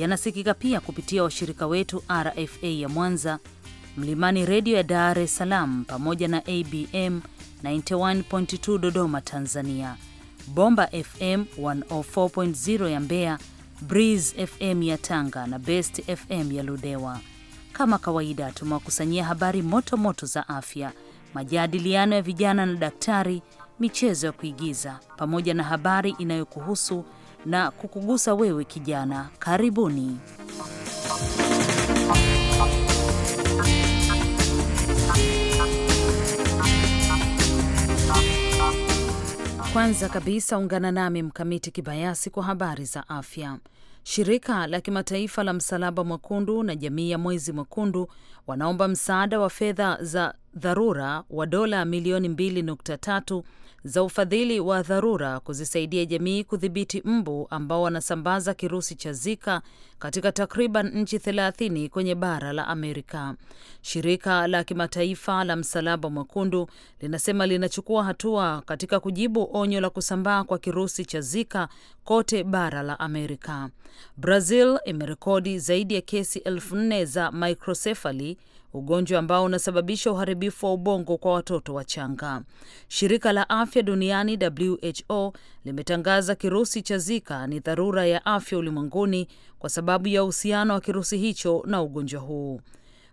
yanasikika pia kupitia washirika wetu RFA ya Mwanza, Mlimani Redio ya Dar es Salaam pamoja na ABM 91.2 Dodoma Tanzania, Bomba FM 104.0 ya Mbeya, Breeze FM ya Tanga na Best FM ya Ludewa. Kama kawaida, tumewakusanyia habari moto moto za afya, majadiliano ya vijana na daktari, michezo ya kuigiza pamoja na habari inayokuhusu na kukugusa wewe kijana. Karibuni. Kwanza kabisa ungana nami Mkamiti Kibayasi kwa habari za afya. Shirika la kimataifa la Msalaba Mwekundu na jamii ya Mwezi Mwekundu wanaomba msaada wa fedha za dharura wa dola milioni tatu za ufadhili wa dharura kuzisaidia jamii kudhibiti mbu ambao wanasambaza kirusi cha Zika katika takriban nchi thelathini kwenye bara la Amerika. Shirika la kimataifa la Msalaba Mwekundu linasema linachukua hatua katika kujibu onyo la kusambaa kwa kirusi cha Zika kote bara la Amerika. Brazil imerekodi zaidi ya kesi elfu nne za microsefali ugonjwa ambao unasababisha uharibifu wa ubongo kwa watoto wachanga. Shirika la afya duniani WHO limetangaza kirusi cha Zika ni dharura ya afya ulimwenguni kwa sababu ya uhusiano wa kirusi hicho na ugonjwa huu.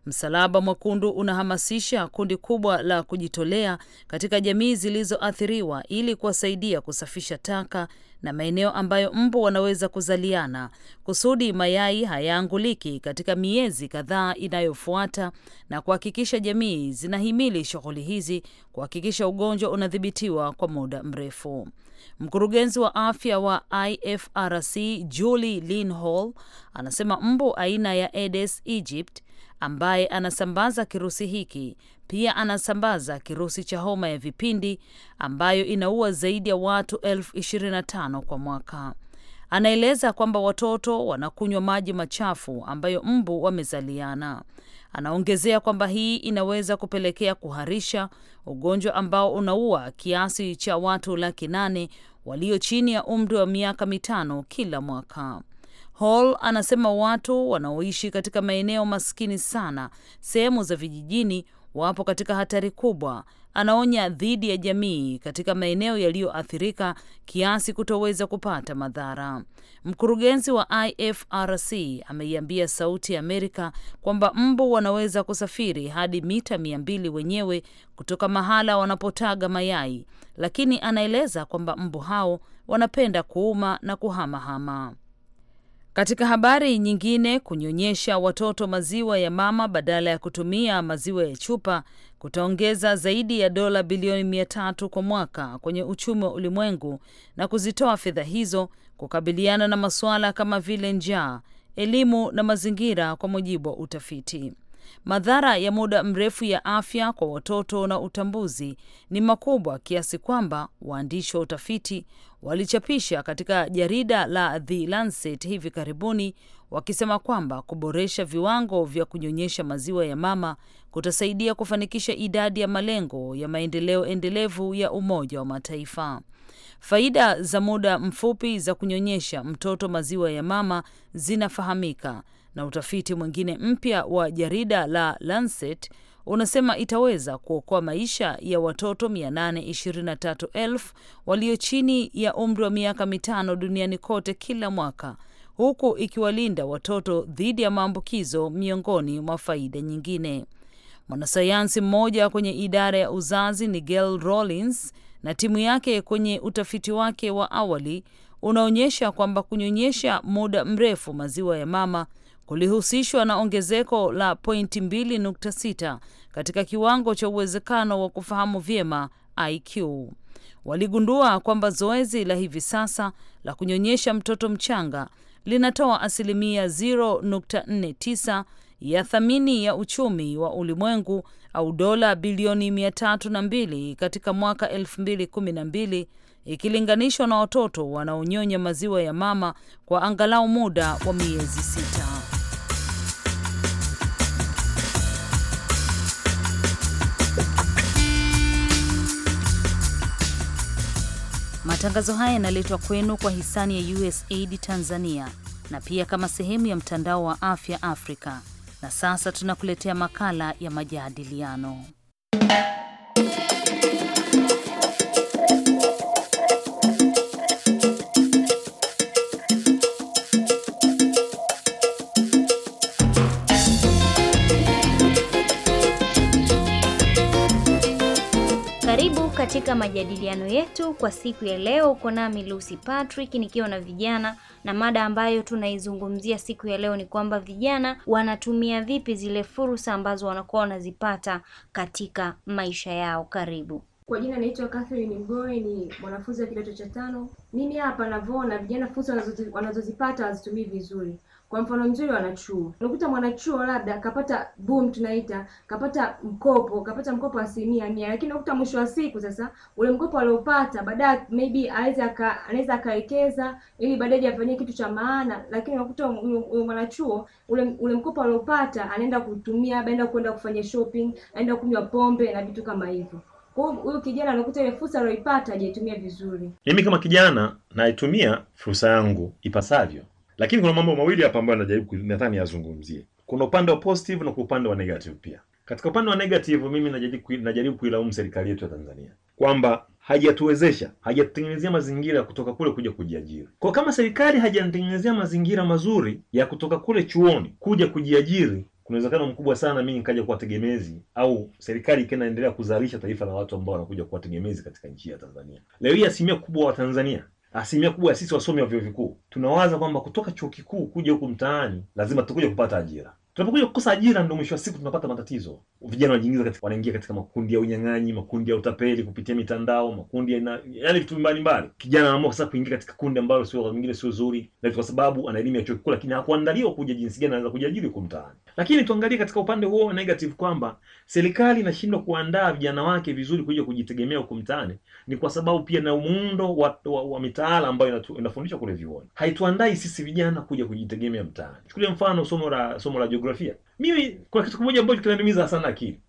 Msalaba Mwekundu unahamasisha kundi kubwa la kujitolea katika jamii zilizoathiriwa ili kuwasaidia kusafisha taka na maeneo ambayo mbu wanaweza kuzaliana kusudi mayai hayaanguliki katika miezi kadhaa inayofuata na kuhakikisha jamii zinahimili shughuli hizi kuhakikisha ugonjwa unadhibitiwa kwa muda mrefu. Mkurugenzi wa afya wa IFRC Julie Lin anasema mbu aina ya Aedes aegypti ambaye anasambaza kirusi hiki pia anasambaza kirusi cha homa ya vipindi ambayo inaua zaidi ya watu elfu 25 kwa mwaka. Anaeleza kwamba watoto wanakunywa maji machafu ambayo mbu wamezaliana. Anaongezea kwamba hii inaweza kupelekea kuharisha, ugonjwa ambao unaua kiasi cha watu laki nane walio chini ya umri wa miaka mitano kila mwaka. Hall anasema watu wanaoishi katika maeneo maskini sana, sehemu za vijijini, wapo katika hatari kubwa. Anaonya dhidi ya jamii katika maeneo yaliyoathirika kiasi kutoweza kupata madhara. Mkurugenzi wa IFRC ameiambia Sauti ya Amerika kwamba mbu wanaweza kusafiri hadi mita mia mbili wenyewe kutoka mahala wanapotaga mayai, lakini anaeleza kwamba mbu hao wanapenda kuuma na kuhamahama. Katika habari nyingine, kunyonyesha watoto maziwa ya mama badala ya kutumia maziwa ya chupa kutaongeza zaidi ya dola bilioni mia tatu kwa mwaka kwenye uchumi wa ulimwengu na kuzitoa fedha hizo kukabiliana na masuala kama vile njaa, elimu na mazingira, kwa mujibu wa utafiti. Madhara ya muda mrefu ya afya kwa watoto na utambuzi ni makubwa kiasi kwamba waandishi wa utafiti walichapisha katika jarida la The Lancet hivi karibuni wakisema kwamba kuboresha viwango vya kunyonyesha maziwa ya mama kutasaidia kufanikisha idadi ya malengo ya maendeleo endelevu ya Umoja wa Mataifa. Faida za muda mfupi za kunyonyesha mtoto maziwa ya mama zinafahamika na utafiti mwingine mpya wa jarida la Lancet unasema itaweza kuokoa maisha ya watoto 823,000 walio chini ya umri wa miaka mitano duniani kote kila mwaka, huku ikiwalinda watoto dhidi ya maambukizo, miongoni mwa faida nyingine. Mwanasayansi mmoja kwenye idara ya uzazi Nigel Rawlings na timu yake kwenye utafiti wake wa awali unaonyesha kwamba kunyonyesha muda mrefu maziwa ya mama kulihusishwa na ongezeko la pointi 2.6 katika kiwango cha uwezekano wa kufahamu vyema IQ. Waligundua kwamba zoezi la hivi sasa la kunyonyesha mtoto mchanga linatoa asilimia 0.49 ya thamani ya uchumi wa ulimwengu au dola bilioni 302 katika mwaka 2012 ikilinganishwa na watoto wanaonyonya maziwa ya mama kwa angalau muda wa miezi sita. Matangazo haya yanaletwa kwenu kwa hisani ya USAID Tanzania na pia kama sehemu ya mtandao wa afya Afrika. Na sasa tunakuletea makala ya majadiliano. Katika majadiliano yetu kwa siku ya leo uko nami Lucy Patrick nikiwa na vijana, na mada ambayo tunaizungumzia siku ya leo ni kwamba vijana wanatumia vipi zile fursa ambazo wanakuwa wanazipata katika maisha yao. Karibu. Kwa jina naitwa Catherine Mgoe, ni mwanafunzi wa kidato cha tano. Mimi hapa navyoona vijana fursa wanazozipata wanazo hawazitumii vizuri. Kwa mfano mzuri, wanachuo, unakuta mwanachuo labda kapata boom, tunaita kapata mkopo, kapata mkopo asilimia mia, lakini unakuta mwisho wa siku sasa ule mkopo aliopata baadaye maybe anaweza akawekeza ili baadaye afanyie kitu cha maana, lakini unakuta mwanachuo ule, ule mkopo aliopata anaenda kutumia, anaenda kwenda kufanya shopping, anaenda kunywa pombe na vitu kama hivyo. Kwa huyu kijana anakuta ile fursa aliyoipata hajaitumia vizuri. Mimi kama kijana naitumia fursa yangu ipasavyo. Lakini kuna mambo mawili hapa ambayo najaribu nadhani yazungumzie. Kuna upande wa positive na kuna upande wa negative pia. Katika upande wa negative, mimi najaribu najaribu kuilaumu serikali yetu ya Tanzania kwamba haijatuwezesha haijatengenezea mazingira ya kutoka kule kuja kujiajiri. Kwa kama serikali hajatengenezea mazingira mazuri ya kutoka kule chuoni kuja kujiajiri, kuna uwezekano mkubwa sana mimi nikaja kuwa tegemezi, au serikali ikiwa inaendelea kuzalisha taifa la watu ambao wanakuja kuwa tegemezi katika nchi ya Tanzania. Leo hii asilimia kubwa wa Tanzania Asilimia kubwa ya sisi wasomi wa vyuo vikuu tunawaza kwamba kutoka chuo kikuu kuja huku mtaani lazima tukuja kupata ajira. Tunapokuja kukosa ajira, ndo mwisho wa siku tunapata matatizo. Vijana wanajiingiza katika, wanaingia katika makundi ya unyang'anyi, makundi ya utapeli kupitia mitandao, makundi ya na, yaani vitu mbalimbali. Kijana anaamua sasa kuingia katika kundi ambalo sio mingine sio zuri, na kwa sababu ana elimu ya chuo kikuu, lakini hakuandaliwa kuja jinsi gani anaweza kujiajiri huko mtaani. Lakini tuangalie katika upande huo negative kwamba serikali inashindwa kuandaa vijana wake vizuri kuja kujitegemea huko mtaani, ni kwa sababu pia na muundo wa, wa, wa mitaala ambayo inafundishwa kule vyuoni haituandai sisi vijana kuja kujitegemea mtaani. Chukulia mfano somo la somo la kijiografia. Mimi kwa kitu kimoja ambacho kinanimiza sana akili,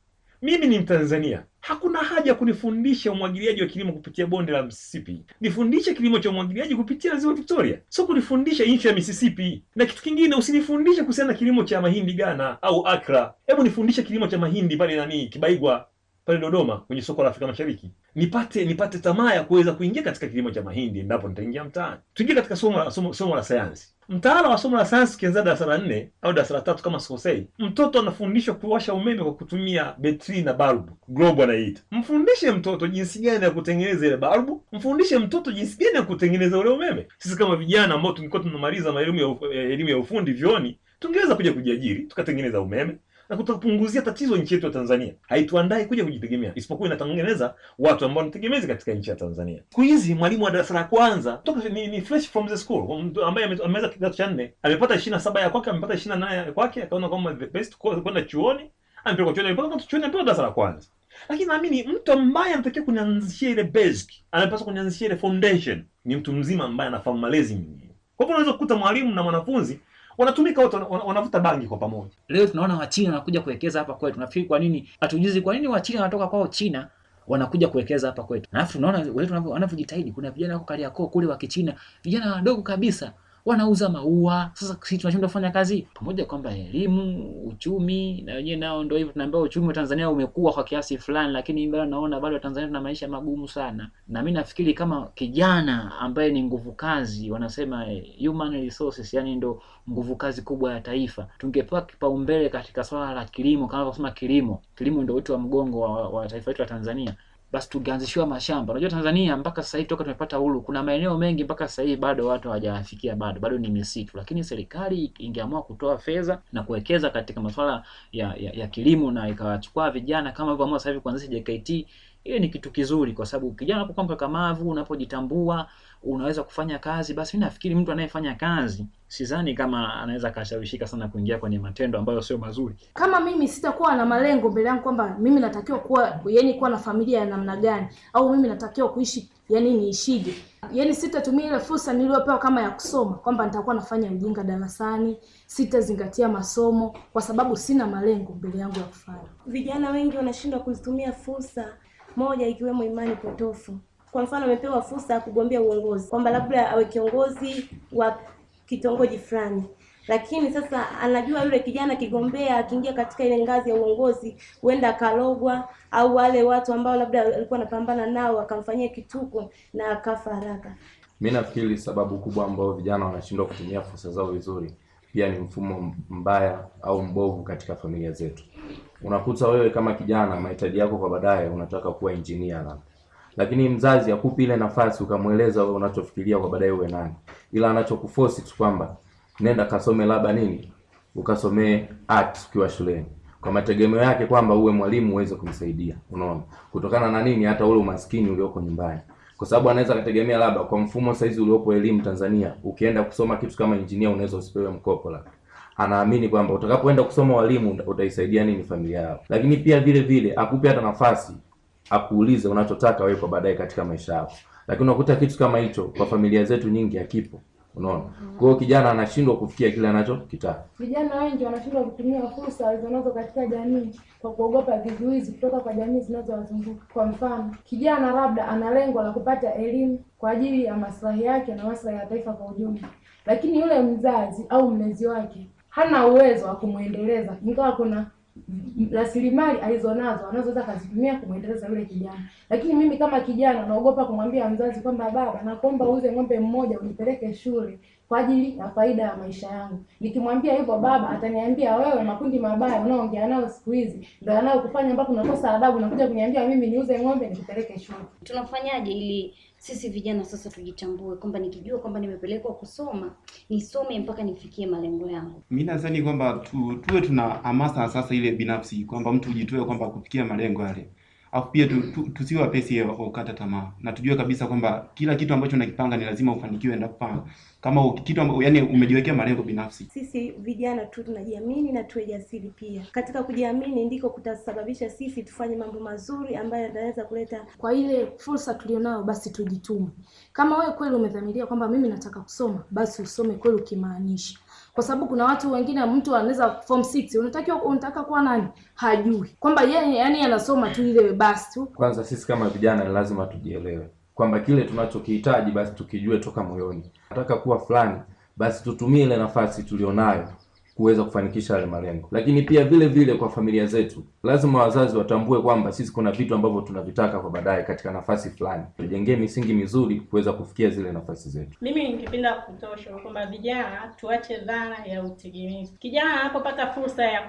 mimi ni Mtanzania, hakuna haja ya kunifundisha umwagiliaji wa kilimo kupitia bonde la Mississippi. Nifundishe kilimo cha umwagiliaji kupitia ziwa Victoria, sio kunifundisha nchi ya Mississippi. Na kitu kingine, usinifundishe kuhusiana na kilimo cha mahindi Ghana au Accra. Hebu nifundishe kilimo cha mahindi pale nani Kibaigwa pale Dodoma kwenye soko la Afrika Mashariki, nipate nipate tamaa ya kuweza kuingia katika kilimo cha mahindi endapo nitaingia mtaani. Tuingie katika somo la somo, somo la sayansi. Mtaala wa somo la sayansi ukianzia darasa la nne au darasa la tatu kama sikosei, mtoto anafundishwa kuwasha umeme kwa kutumia betri na balbu, globu anaita. Mfundishe mtoto jinsi gani ya kutengeneza ile balbu, mfundishe mtoto jinsi gani ya kutengeneza ule umeme. Sisi kama vijana ambao tulikuwa tunamaliza elimu ya, eh, ya ufundi vyoni, tungeweza kuja kujiajiri tukatengeneza umeme na kutupunguzia tatizo nchi yetu ya Tanzania. Haituandai kuja kujitegemea, isipokuwa inatengeneza watu ambao wanategemezi katika nchi ya Tanzania. Siku hizi mwalimu wa darasa la kwanza toka ni, ni fresh from the school um, ambaye ameweza kidato cha nne amepata 27 ya kwake, amepata 28 ya kwake, akaona kwamba the best kwenda chuoni, amepelekwa chuoni, amepelekwa chuoni, amepewa darasa la kwanza lakini naamini mtu ambaye anatakiwa kunianzishia ile basic, anapaswa kunianzishia ile foundation, ni mtu mzima ambaye anafahamu malezi mwenyewe. Kwa hivyo unaweza kukuta mwalimu na mwanafunzi wanatumika wote, wanavuta bangi kwa pamoja. Leo tunaona Wachina wanakuja kuwekeza hapa kwetu, nafikiri kwa nini hatujuzi, kwa nini Wachina wanatoka kwao China wanakuja kuwekeza hapa kwetu, alafu tunaona wanavyojitahidi. Kuna vijana wako Kariakoo kule wa Kichina, vijana wadogo kabisa wanauza maua. Sasa sisi tunashindwa kufanya kazi pamoja, kwamba elimu, uchumi na wenyewe nao ndio hivyo. Tunaambia uchumi wa Tanzania umekuwa kwa kiasi fulani, lakini bado naona bado Tanzania tuna maisha magumu sana, na mimi nafikiri kama kijana ambaye ni nguvu kazi, wanasema eh, human resources, yani ndo nguvu kazi kubwa ya taifa, tungepewa kipaumbele katika swala la kilimo, kama kusema kilimo, kilimo ndio uti wa mgongo wa, wa taifa letu la Tanzania basi tungeanzishiwa mashamba. Unajua Tanzania mpaka sasa hivi toka tumepata uhuru, kuna maeneo mengi mpaka sasa hivi bado watu hawajafikia, bado bado ni misitu, lakini serikali ingeamua kutoa fedha na kuwekeza katika masuala ya, ya, ya kilimo na ikawachukua vijana kama hivyo amua sasa hivi kuanzisha JKT hiyo ni kitu kizuri, kwa sababu kijana unapokuwa mkakamavu, unapojitambua, unaweza kufanya kazi, basi mimi nafikiri mtu anayefanya kazi sidhani kama anaweza akashawishika sana kuingia kwenye matendo ambayo sio mazuri. Kama mimi sitakuwa na malengo mbele yangu kwamba mimi natakiwa kuwa yani kuwa na familia ya namna gani, au mimi natakiwa kuishi yani niishije, yani sitatumia ile fursa niliyopewa kama ya kusoma, kwamba nitakuwa nafanya ujinga darasani, sitazingatia masomo kwa sababu sina malengo mbele yangu ya kufanya. Vijana wengi wanashindwa kuzitumia fursa moja ikiwemo imani potofu. Kwa mfano, amepewa fursa ya kugombea uongozi kwamba labda awe kiongozi wa kitongoji fulani, lakini sasa anajua yule kijana akigombea, akiingia katika ile ngazi ya uongozi, huenda akalogwa au wale watu ambao labda alikuwa anapambana nao akamfanyia kituko na akafa haraka. Mi nafikiri sababu kubwa ambayo vijana wanashindwa kutumia fursa zao vizuri pia ni mfumo mbaya au mbovu katika familia zetu unakuta wewe kama kijana mahitaji yako kwa baadaye unataka kuwa engineer labda lakini mzazi akupi ile nafasi ukamweleza wewe unachofikiria kwa baadaye uwe nani, ila anachokuforce tu kwamba nenda kasome labda nini, ukasomee art ukiwa shuleni, kwa mategemeo yake kwamba uwe mwalimu uweze kumsaidia. Unaona, kutokana na nini, hata ule umaskini ulioko nyumbani, kwa sababu anaweza akategemea labda, kwa mfumo saizi uliopo elimu Tanzania, ukienda kusoma kitu kama engineer unaweza usipewe mkopo labda anaamini kwamba utakapoenda kusoma walimu utaisaidia nini familia yao, lakini pia vile vile akupe hata nafasi akuulize unachotaka wewe kwa baadaye katika maisha yako, lakini unakuta kitu kama hicho kwa familia zetu nyingi hakipo. Unaona, mm-hmm. kwa hiyo kijana anashindwa kufikia kile anachokitaka. Vijana wengi wanashindwa kutumia fursa walizonazo katika jamii kwa kuogopa vizuizi kutoka kwa jamii zinazowazunguka. Kwa mfano, kijana labda ana lengo la kupata elimu kwa ajili ya maslahi yake na maslahi ya taifa kwa ujumla, lakini yule mzazi au mlezi wake hana uwezo wa kumwendeleza, ingawa kuna rasilimali alizonazo anazoweza akazitumia kumwendeleza yule kijana. Lakini mimi kama kijana naogopa kumwambia mzazi kwamba baba, nakuomba uuze ng'ombe mmoja unipeleke shule kwa ajili ya faida ya maisha yangu. Nikimwambia hivyo baba ataniambia, wewe makundi mabaya unaoongea nao siku hizi ndio yanayokufanya mpaka unakosa adabu, nakuja kuniambia mimi niuze ng'ombe nikupeleke shule. Tunafanyaje ili sisi vijana sasa tujitambue kwamba nikijua kwamba nimepelekwa kusoma nisome mpaka nifikie malengo yangu. Mi nadhani kwamba tu, tuwe tuna hamasa sasa ile binafsi kwamba mtu ujitoe kwamba kufikia malengo yale afu pia tu, tu, tusiwe wapesi wa kukata tamaa na tujue kabisa kwamba kila kitu ambacho unakipanga ni lazima ufanikiwe endapo kupanga kama kitu ambacho yani umejiwekea malengo binafsi. Sisi vijana tu tunajiamini na tuwe jasiri pia. Katika kujiamini ndiko kutasababisha sisi tufanye mambo mazuri ambayo yanaweza kuleta kwa ile fursa tulionayo, basi tujitume. Kama wewe kweli umedhamiria kwamba mimi nataka kusoma, basi usome kweli ukimaanisha kwa sababu kuna watu wengine, mtu anaweza form 6 unatakiwa unataka kuwa nani, hajui kwamba yeye yani anasoma tu ile basi tu. Kwanza sisi kama vijana ni lazima tujielewe kwamba kile tunachokihitaji basi tukijue toka moyoni. Nataka kuwa fulani, basi tutumie ile nafasi tulionayo kuweza kufanikisha yale malengo. Lakini pia vile vile kwa familia zetu, lazima wazazi watambue kwamba sisi kuna vitu ambavyo tunavitaka kwa baadaye katika nafasi fulani, tujengee misingi mizuri kuweza kufikia zile nafasi zetu. Mimi ningependa kutosha kwamba vijana tuache dhana ya utegemezi. Kijana anapopata fursa ya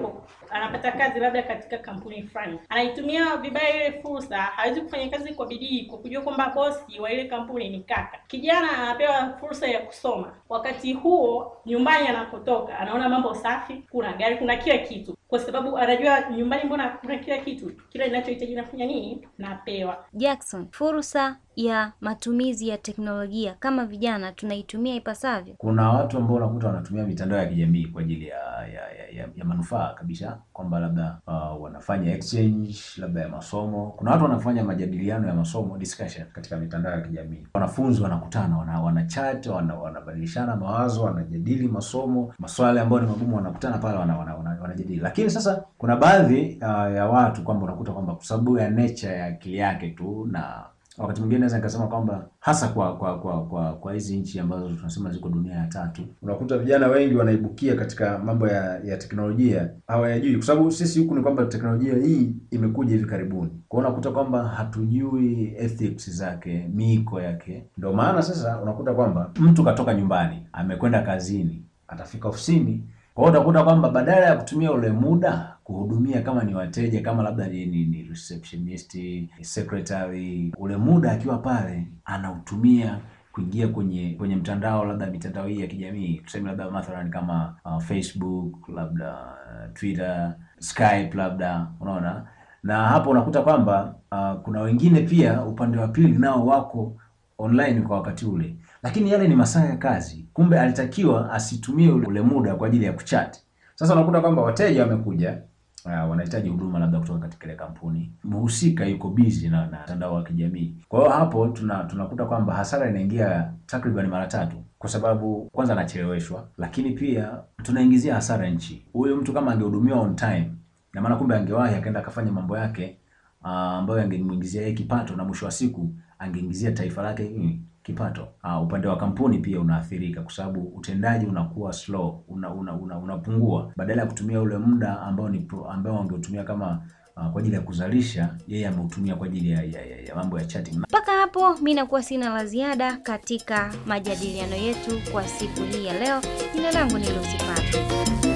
anapata kazi labda katika kampuni fulani, anaitumia vibaya ile fursa, hawezi kufanya kazi kwa bidii kwa kujua kwamba bosi wa ile kampuni ni kaka. Kijana anapewa fursa ya kusoma, wakati huo nyumbani anapotoka anaona mambo safi kuna gari kuna kila kitu kwa sababu anajua nyumbani, mbona kuna kila kitu, kila ninachohitaji nafanya nini, napewa. Jackson, fursa ya matumizi ya teknolojia kama vijana tunaitumia ipasavyo? Kuna watu ambao unakuta wanatumia mitandao ya kijamii kwa ajili ya ya, ya, ya, ya manufaa kabisa, kwamba labda uh, wanafanya exchange labda ya masomo. Kuna watu wanafanya majadiliano ya masomo discussion katika mitandao ya kijamii, wanafunzi wanakutana, wana, wana chat wanabadilishana mawazo, wanajadili masomo, maswali ambayo ni magumu, wanakutana pale, wanajadili wana, wana, wana, wana, lakini lakini sasa kuna baadhi uh, ya watu kwamba unakuta kwamba kwa sababu ya nature ya akili yake tu na wakati mwingine naweza nikasema kwamba hasa kwa kwa kwa kwa kwa hizi nchi ambazo tunasema ziko dunia ya tatu, unakuta vijana wengi wanaibukia katika mambo ya, ya teknolojia hawayajui, kwa sababu sisi huku ni kwamba teknolojia hii imekuja hivi karibuni, kwa unakuta kwamba hatujui ethics zake, miiko yake. Ndio maana sasa unakuta kwamba mtu katoka nyumbani amekwenda kazini, atafika ofisini kwa hiyo utakuta kwamba badala ya kutumia ule muda kuhudumia kama ni wateja, kama labda ni, ni, ni receptionist, secretary, ule muda akiwa pale anautumia kuingia kwenye kwenye mtandao labda mitandao hii ya kijamii tuseme labda mathalan kama uh, Facebook labda uh, Twitter, Skype labda unaona, na hapo unakuta kwamba uh, kuna wengine pia upande wa pili nao wako online kwa wakati ule, lakini yale ni masaa ya kazi. Kumbe alitakiwa asitumie ule muda kwa ajili ya kuchat. Sasa unakuta kwamba wateja wamekuja, uh, wanahitaji huduma labda kutoka katika ile kampuni, mhusika yuko busy na mtandao wa kijamii. Kwa hiyo hapo tuna, tunakuta kwamba hasara inaingia takriban mara tatu kwa sababu kwanza anacheleweshwa, lakini pia tunaingizia hasara nchi. Huyo mtu kama angehudumiwa on time, na maana kumbe angewahi akaenda akafanya mambo yake uh, ambayo angemuingizia yeye kipato na mwisho wa siku angeingizia taifa lake hmm, kipato. Uh, upande wa kampuni pia unaathirika kwa sababu utendaji unakuwa slow, unapungua una, una, una badala ya kutumia ule muda ambao ni ambao wangeutumia kama uh, kwa ajili ya kuzalisha, yeye ameutumia kwa ajili ya, ya, ya, ya mambo ya chatting. Mpaka hapo mi nakuwa sina la ziada katika majadiliano yetu kwa siku hii ya leo. Jina langu ni Lucy Patrick.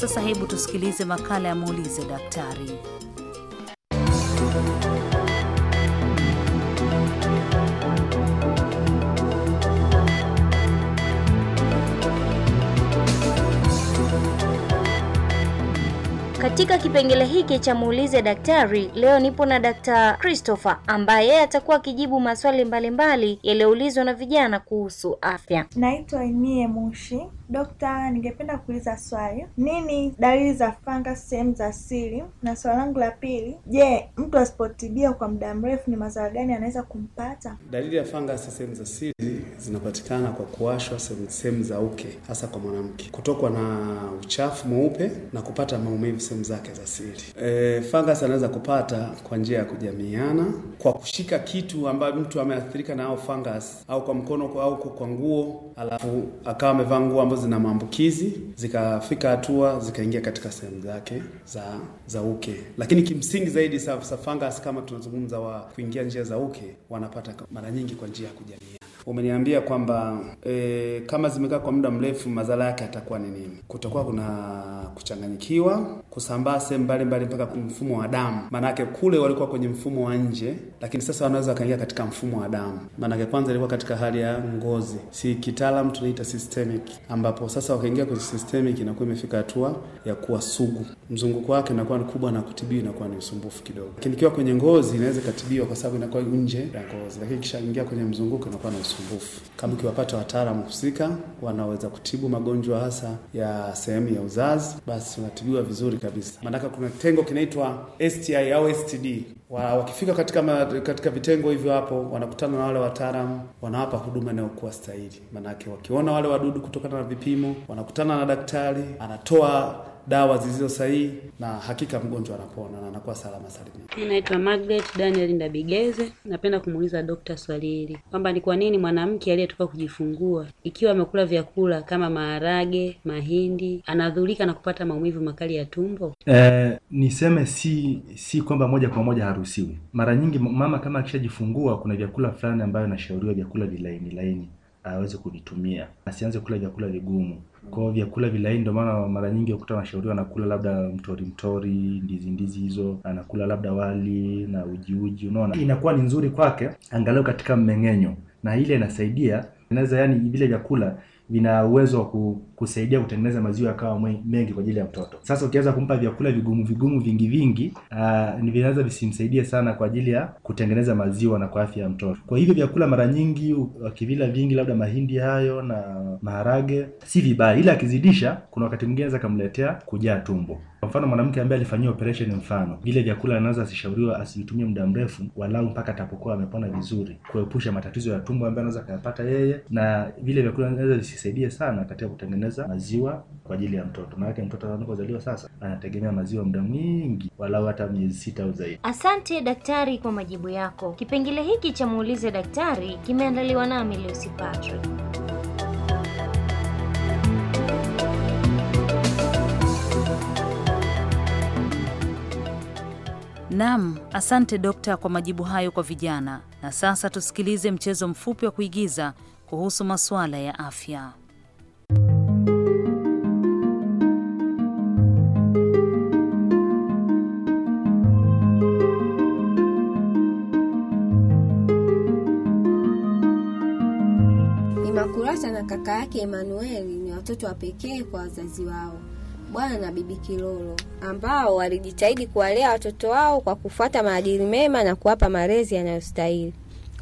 Sasa hebu tusikilize makala ya muulize daktari. Katika kipengele hiki cha muulize daktari, leo nipo na Dr. Christopher ambaye yeye atakuwa akijibu maswali mbalimbali yaliyoulizwa na vijana kuhusu afya. Naitwa Emie Mushi. Dokta, ningependa kuuliza swali, nini dalili za fanga sehemu za siri? Na swali langu la pili, je, mtu asipotibia kwa muda mrefu ni madhara gani anaweza kumpata? Dalili ya fungus sehemu za siri zinapatikana kwa kuwashwa sehemu za uke, hasa kwa mwanamke, kutokwa na uchafu mweupe na kupata maumivu sehemu zake za siri. E, fungus anaweza kupata kwa njia ya kujamiana, kwa kushika kitu ambayo mtu ameathirika na fungus, au kwa mkono kwa, au kwa nguo, alafu akawa amevaa nguo ambazo zina maambukizi, zikafika hatua zikaingia katika sehemu zake za za uke. Lakini kimsingi zaidi sa, sa fungus kama tunazungumza wa kuingia njia za uke, wanapata mara nyingi kwa njia ya kujamiana. Umeniambia kwamba e, kama zimekaa kwa muda mrefu madhara yake atakuwa ni nini? Kutakuwa kuna kuchanganyikiwa, kusambaa sehemu mbalimbali mpaka mfumo wa damu. Maanake kule walikuwa kwenye mfumo wa nje, lakini sasa wanaweza wakaingia katika mfumo wa damu. Maanake kwanza ilikuwa katika hali ya ngozi, si kitaalam tunaita systemic, ambapo sasa wakaingia kwenye systemic, inakuwa imefika hatua ya kuwa sugu, mzunguko wake inakuwa ni kubwa na kutibiwa inakuwa ni usumbufu kidogo. Lakini ikiwa kwenye ngozi inaweza ikatibiwa kwa sababu inakuwa nje ya ngozi, lakini ikishaingia kwenye mzunguko inakuwa na usumbufu. Kama ukiwapata wataalamu husika wanaweza kutibu magonjwa hasa ya sehemu ya uzazi, basi unatibiwa vizuri kabisa, maanake kuna kitengo kinaitwa STI au STD. Wa, wakifika katika ma, katika vitengo hivyo hapo wanakutana na wale wataalamu, wanawapa huduma inayokuwa stahili, maanake wakiona wale wadudu kutokana na vipimo, wanakutana na daktari anatoa dawa zilizo sahihi, na hakika mgonjwa anapona na anakuwa salama salimini. Mimi naitwa Margaret Daniel Ndabigeze. Napenda kumuuliza Dokta swali hili kwamba ni kwa nini mwanamke aliyetoka kujifungua ikiwa amekula vyakula kama maharage, mahindi anadhulika na kupata maumivu makali ya tumbo? Eh, niseme si si kwamba moja kwa moja haruhusiwi. Mara nyingi mama kama akishajifungua, kuna vyakula fulani ambayo anashauriwa, vyakula vilaini laini aweze kuvitumia, asianze kula vyakula vigumu kwa vyakula vilaini, ndio maana mara nyingi ukuta wanashauriwa anakula labda mtori mtori, ndizi ndizi hizo, anakula labda wali na uji uji, unaona inakuwa ni nzuri kwake angalau katika mmeng'enyo, na ile inasaidia inaweza, yani vile vyakula vina uwezo wa kusaidia kutengeneza maziwa yakawa mengi kwa ajili ya mtoto. Sasa ukianza kumpa vyakula vigumu vigumu vingi vingi, uh, ni vinaweza visimsaidie sana kwa ajili ya kutengeneza maziwa na kwa afya ya mtoto. Kwa hivyo vyakula mara nyingi wakivila vingi, labda mahindi hayo na maharage si vibaya, ila akizidisha, kuna wakati mwingine anaweza kumletea kujaa tumbo. Kwa mfano mwanamke ambaye alifanyiwa operation, mfano vile vyakula anaweza asishauriwa asitumie muda mrefu, walau mpaka atapokuwa amepona vizuri, kuepusha matatizo ya tumbo ambayo anaweza akayapata yeye, na vile vyakula anaweza visisaidie sana katika kutengeneza maziwa kwa ajili ya mtoto, maanake mtoto anapozaliwa sasa anategemea maziwa muda mwingi, walau hata miezi sita au zaidi. Asante daktari kwa majibu yako. Kipengele hiki cha muulize daktari kimeandaliwa nami Lucy Patrick. Naam, asante dokta kwa majibu hayo kwa vijana. Na sasa tusikilize mchezo mfupi wa kuigiza kuhusu masuala ya afya. Imakurata na kaka yake Emanueli ni watoto wa pekee kwa wazazi wao. Bwana na Bibi Kilolo ambao walijitahidi kuwalea watoto wao kwa kufuata maadili mema na kuwapa malezi yanayostahili.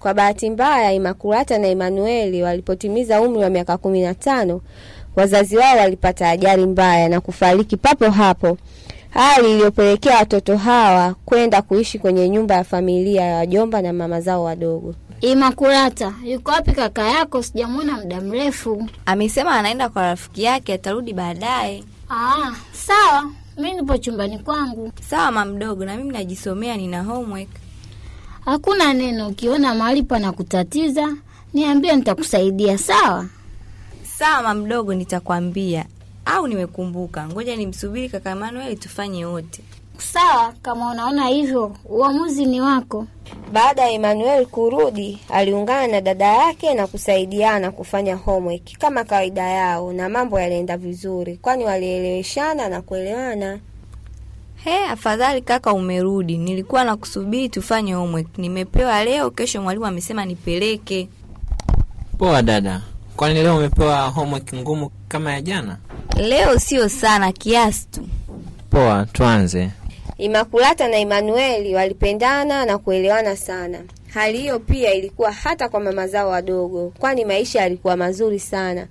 Kwa bahati mbaya, Imakulata na Emanueli walipotimiza umri wa miaka kumi na tano, wazazi wao walipata ajali mbaya na kufariki papo hapo, hali iliyopelekea watoto hawa kwenda kuishi kwenye nyumba ya familia ya wajomba na mama zao wadogo. Imakulata, yuko wapi kaka yako? Sijamwona muda mrefu. Amesema anaenda kwa rafiki yake, atarudi baadaye. Ah, sawa. Mi nipo chumbani kwangu. Sawa mamdogo, na mimi najisomea, nina homework. Hakuna neno, ukiona mahali pana kutatiza niambie, nitakusaidia sawa? Sawa mdogo nitakwambia. Au nimekumbuka, ngoja nimsubiri kaka Manuel tufanye wote. Sawa, kama unaona hivyo, uamuzi ni wako. Baada ya Emmanuel kurudi, aliungana na dada yake na kusaidiana kufanya homework kama kawaida yao, na mambo yalienda vizuri, kwani walieleweshana na kuelewana. He, afadhali kaka umerudi. Nilikuwa nakusubiri tufanye homework. Nimepewa leo, kesho mwalimu amesema nipeleke. Poa dada. Kwani leo umepewa homework ngumu kama ya jana? Leo sio sana, kiasi tu. Poa, tuanze. Imakulata na Emanueli walipendana na kuelewana sana. Hali hiyo pia ilikuwa hata kwa mama zao wadogo, kwani maisha yalikuwa mazuri sana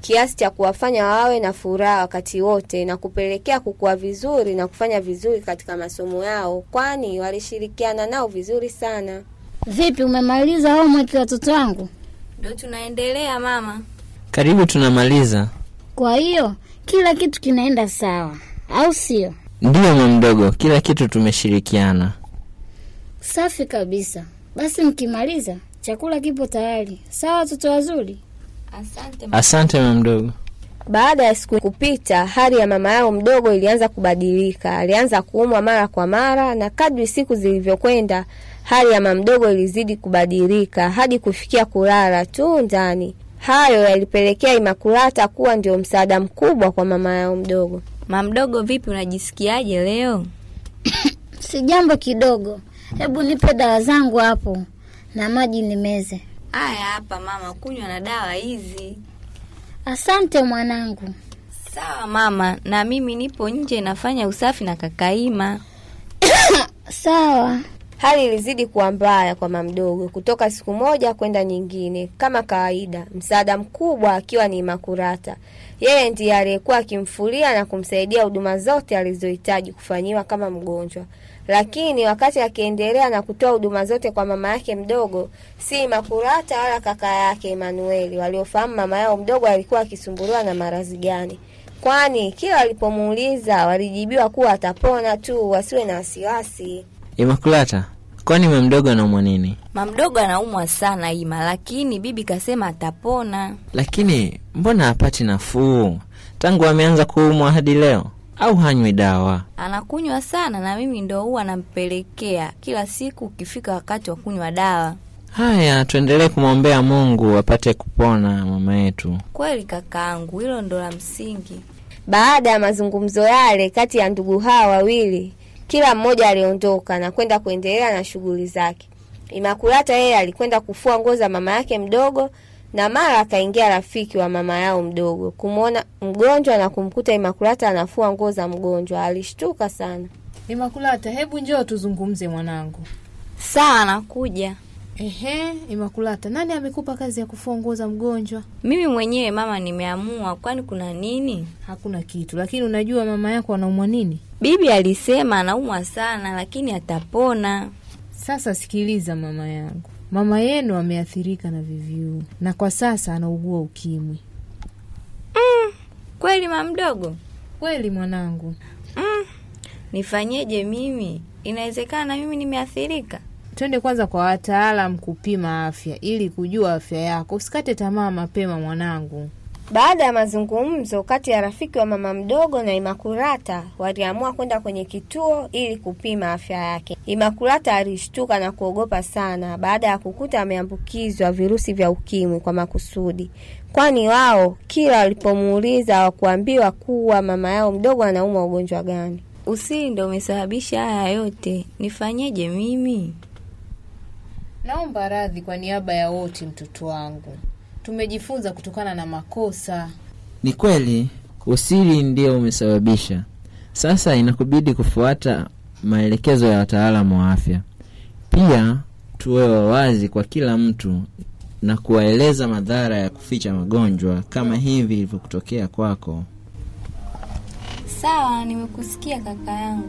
kiasi cha kuwafanya wawe na furaha wakati wote na kupelekea kukua vizuri na kufanya vizuri katika masomo yao, kwani walishirikiana nao vizuri sana. Vipi, umemaliza homework ya watoto wangu? Ndio, tunaendelea mama. Karibu tunamaliza. Kwa hiyo kila kitu kinaenda sawa, au sio? Ndiyo mamdogo, kila kitu tumeshirikiana. Safi kabisa. Basi mkimaliza chakula kipo tayari. Sawa watoto wazuri. Asante, mamdogo. Baada ya siku kupita, hali ya mama yao mdogo ilianza kubadilika. Alianza kuumwa mara kwa mara, na kadri siku zilivyokwenda, hali ya mamdogo mdogo ilizidi kubadilika hadi kufikia kulala tu ndani. Hayo yalipelekea Imakulata kuwa ndio msaada mkubwa kwa mama yao mdogo. Mamdogo, vipi, unajisikiaje leo? Si jambo kidogo, hebu nipe dawa zangu hapo na maji nimeze. Haya, hapa mama, kunywa na dawa hizi. Asante mwanangu. Sawa mama, na mimi nipo nje nafanya usafi na Kakaima. Sawa. Hali ilizidi kuwa mbaya kwa mamdogo kutoka siku moja kwenda nyingine. Kama kawaida, msaada mkubwa akiwa ni Makurata. Yeye ndiye aliyekuwa akimfulia na kumsaidia huduma zote alizohitaji kufanyiwa kama mgonjwa. Lakini wakati akiendelea na kutoa huduma zote kwa mama yake mdogo, si Makurata wala kaka yake Emanueli waliofahamu mama yao mdogo alikuwa akisumbuliwa na maradhi gani, kwani kila walipomuuliza walijibiwa kuwa atapona tu, wasiwe na wasiwasi. Imakulata, kwani mamdogo anaumwa nini? Mamdogo anaumwa sana Ima, lakini bibi kasema atapona. Lakini mbona hapati nafuu tangu ameanza kuumwa hadi leo? Au hanywi dawa? Anakunywa sana, na mimi ndo huwa nampelekea kila siku ukifika wakati wa kunywa dawa. Haya, tuendelee kumwombea Mungu apate kupona mama yetu. Kweli kakaangu, hilo ndo la msingi. Baada ya mazungumzo yale kati ya ndugu hawa wawili, kila mmoja aliondoka na kwenda kuendelea na shughuli zake. Imakulata yeye alikwenda kufua nguo za mama yake mdogo, na mara akaingia rafiki wa mama yao mdogo kumwona mgonjwa na kumkuta Imakulata anafua nguo za mgonjwa. Alishtuka sana. Imakulata, hebu njoo tuzungumze mwanangu. Sawa, nakuja. Ehe, Imakulata, nani amekupa kazi ya kufua nguo za mgonjwa? Mimi mwenyewe mama, nimeamua. Kwani kuna nini? Hakuna kitu, lakini unajua mama yako anaumwa nini? Bibi alisema anaumwa sana lakini atapona. Sasa sikiliza, mama yangu, mama yenu ameathirika na viviu na kwa sasa anaugua ukimwi. Mm, kweli mama mdogo? Kweli mwanangu. Mm, nifanyeje mimi? Inawezekana mimi nimeathirika? Twende kwanza kwa wataalamu kupima afya ili kujua afya yako. Usikate tamaa mapema mwanangu. Baada ya mazungumzo kati ya rafiki wa mama mdogo na Imakurata, waliamua kwenda kwenye kituo ili kupima afya yake. Imakurata alishtuka na kuogopa sana baada ya kukuta ameambukizwa virusi vya ukimwi kwa makusudi, kwani wao kila walipomuuliza kuambiwa kuwa mama yao mdogo anaumwa ugonjwa gani. Usiri ndo umesababisha haya yote, nifanyeje mimi? Naomba radhi kwa niaba ya wote, mtoto wangu tumejifunza kutokana na makosa. Ni kweli usiri ndio umesababisha. Sasa inakubidi kufuata maelekezo ya wataalamu wa afya. Pia tuwe wawazi kwa kila mtu na kuwaeleza madhara ya kuficha magonjwa kama hivi ilivyokutokea kwako. Sawa, nimekusikia kaka yangu.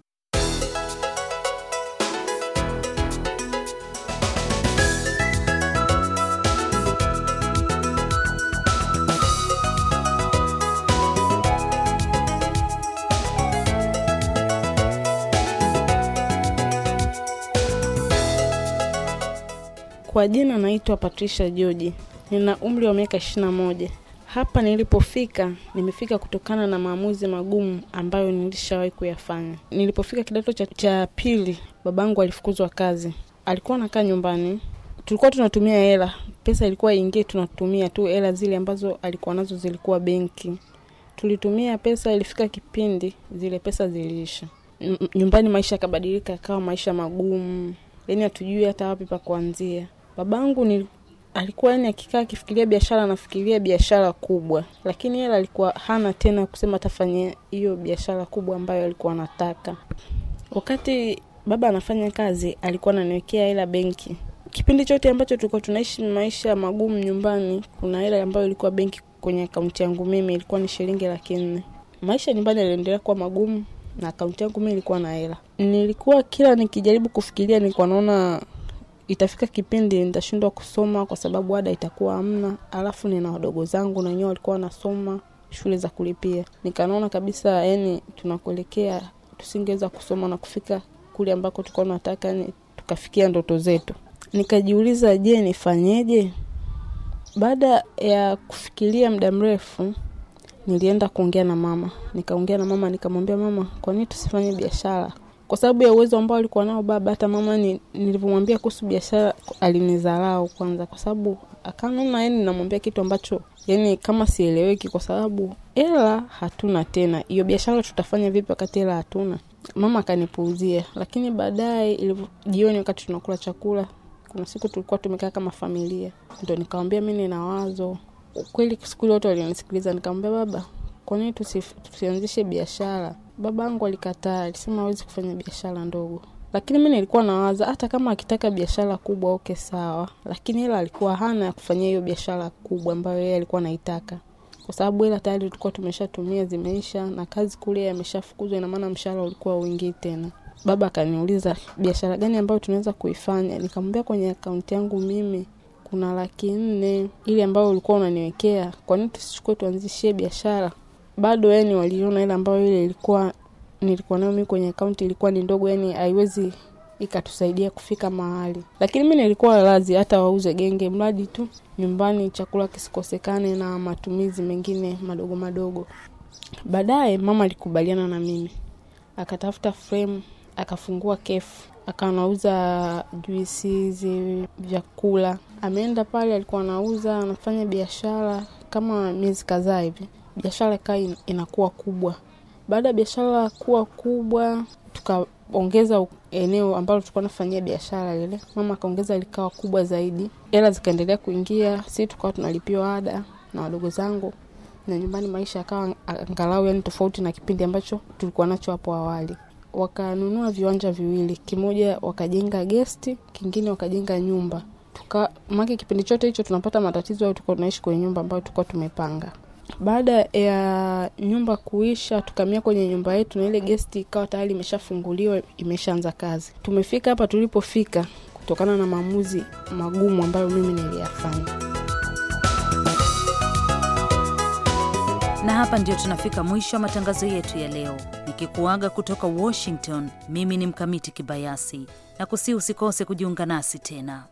Kwa jina naitwa Patricia Joji, nina umri wa miaka ishirini na moja. Hapa nilipofika nimefika kutokana na maamuzi magumu ambayo nilishawahi kuyafanya. Nilipofika kidato cha, cha pili, babangu alifukuzwa kazi, alikuwa anakaa nyumbani. Tulikuwa tunatumia hela, pesa ilikuwa ingie, tunatumia tu hela zile ambazo alikuwa nazo, zilikuwa benki. Tulitumia pesa, ilifika kipindi zile pesa ziliisha. Nyumbani maisha yakabadilika, yakawa maisha magumu, yaani hatujui hata wapi pa kuanzia babangu ni alikuwa yani akikaa akifikiria biashara anafikiria biashara kubwa lakini yeye alikuwa hana tena kusema atafanya hiyo biashara kubwa ambayo alikuwa anataka wakati baba anafanya kazi alikuwa ananiwekea hela benki kipindi chote ambacho tulikuwa tunaishi maisha magumu nyumbani kuna hela ambayo ilikuwa benki kwenye akaunti yangu mimi ilikuwa ni shilingi laki nne maisha nyumbani aliendelea kuwa magumu na akaunti yangu mimi ilikuwa na hela nilikuwa kila nikijaribu kufikiria nilikuwa naona itafika kipindi nitashindwa kusoma kwa sababu ada itakuwa hamna, alafu nina wadogo zangu na wenyewe walikuwa wanasoma shule za kulipia. Nikanaona kabisa, yani tunakuelekea tusingeweza kusoma na kufika kule ambako tulikuwa tunataka, yani tukafikia ndoto zetu. Nikajiuliza, je, nifanyeje? Baada ya kufikiria muda mrefu, nilienda kuongea na mama. Nikaongea na mama, nikamwambia mama, kwa nini tusifanye biashara? kwa sababu ya uwezo ambao alikuwa nao baba. Hata mama ni, nilivyomwambia kuhusu biashara alinizarau kwanza, kwa sababu akanona yani namwambia kitu ambacho yani kama sieleweki, kwa sababu hela hatuna tena, hiyo biashara tutafanya vipi wakati hela hatuna? Mama akanipuuzia, lakini baadaye ilivyo jioni, wakati tunakula chakula, kuna siku tulikuwa tumekaa kama familia, ndo nikamwambia mi nina wazo kweli. Siku ile wote walinisikiliza, nikamwambia baba, kwa nini tusianzishe biashara Babangu alikataa, alisema awezi kufanya biashara ndogo, lakini mi nilikuwa nawaza hata kama akitaka biashara kubwa okay, sawa, lakini hela alikuwa hana ya kufanyia hiyo biashara kubwa ambayo yeye alikuwa anaitaka, kwa sababu hela tayari tulikuwa tumeshatumia zimeisha, na kazi kule yameshafukuzwa, ina maana mshahara ulikuwa wingi tena. Baba akaniuliza biashara gani ambayo tunaweza kuifanya, nikamwambia kwenye akaunti yangu mimi kuna laki nne ili ambayo ulikuwa unaniwekea, kwanini tusichukue tuanzishie biashara? bado yani waliona hela ambayo ile ilikuwa nilikuwa nayo mimi kwenye akaunti ilikuwa ni ndogo, yani haiwezi ikatusaidia kufika mahali, lakini mi nilikuwa lazi hata wauze genge, mradi tu nyumbani chakula kisikosekane na matumizi mengine madogo madogo. Baadaye mama alikubaliana na mimi, akatafuta frame akafungua kefu, akanauza juisi hizi, vyakula. Ameenda pale, alikuwa anauza, anafanya biashara kama miezi kadhaa hivi biashara ikawa inakuwa kubwa. Baada ya biashara kuwa kubwa, tukaongeza eneo ambalo tulikuwa nafanyia biashara lile mama akaongeza likawa kubwa zaidi, hela zikaendelea kuingia, si tukawa tunalipiwa ada na wadogo zangu na nyumbani, maisha yakawa angalau yani tofauti na kipindi ambacho tulikuwa nacho hapo awali. Wakanunua viwanja viwili, kimoja wakajenga gesti, kingine wakajenga nyumba. Tuka make kipindi chote hicho tunapata matatizo au tuka tunaishi kwenye nyumba ambayo tulikuwa tumepanga. Baada ya nyumba kuisha, tukamia kwenye nyumba yetu, na ile gesti ikawa tayari imeshafunguliwa, imeshaanza kazi. Tumefika hapa tulipofika kutokana na maamuzi magumu ambayo mimi niliyafanya. Na hapa ndio tunafika mwisho wa matangazo yetu ya leo, nikikuaga kutoka Washington. Mimi ni Mkamiti Kibayasi na kusi, usikose kujiunga nasi tena.